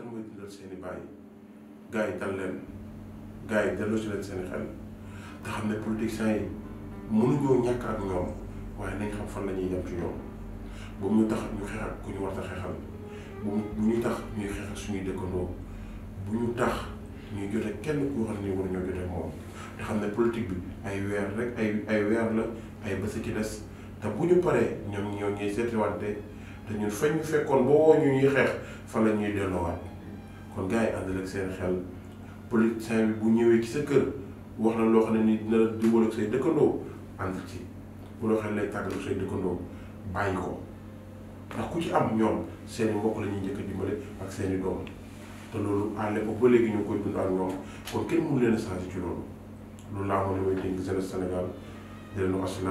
kan mooy seeni bàyyi gars yi dal leen gars yi delloo si leen seeni xel te xam ne politiciens yi mënuñoo ñàkk ak ñoom waaye nañ xam fan la ñuy ci ñoom bu ñu tax ñu xeex ku ñu war xeexal bu mu ñu ñuy xeex ak ñu tax ñuy jote kenn ku xam ne war ñoo jote moom te xam ne politique bi ay weer rek ay weer la ay bés des te bu ñu paree ñoom ñoo ñuy seetiwaante te ñun fañ fekkoon ba woo ñu ñuy xeex fa la ñuy delloowaat kon gars yi àndal ak seen xel politicien bi bu ñëwee ci sa kër wax na loo xam ne ni dina la ak say dëkkandoo ci bu loo xam ne lay tàggal ak say dëkkandoo bàyyi ko ndax ku ci am ñoom seen mbokk la ñuy njëkk ak seen doom te loolu à ba léegi ñu koy dund ñoom kon kenn mënu leen a ci loolu loolu laa amoon li may dénk jeunesse Sénégal di leen wax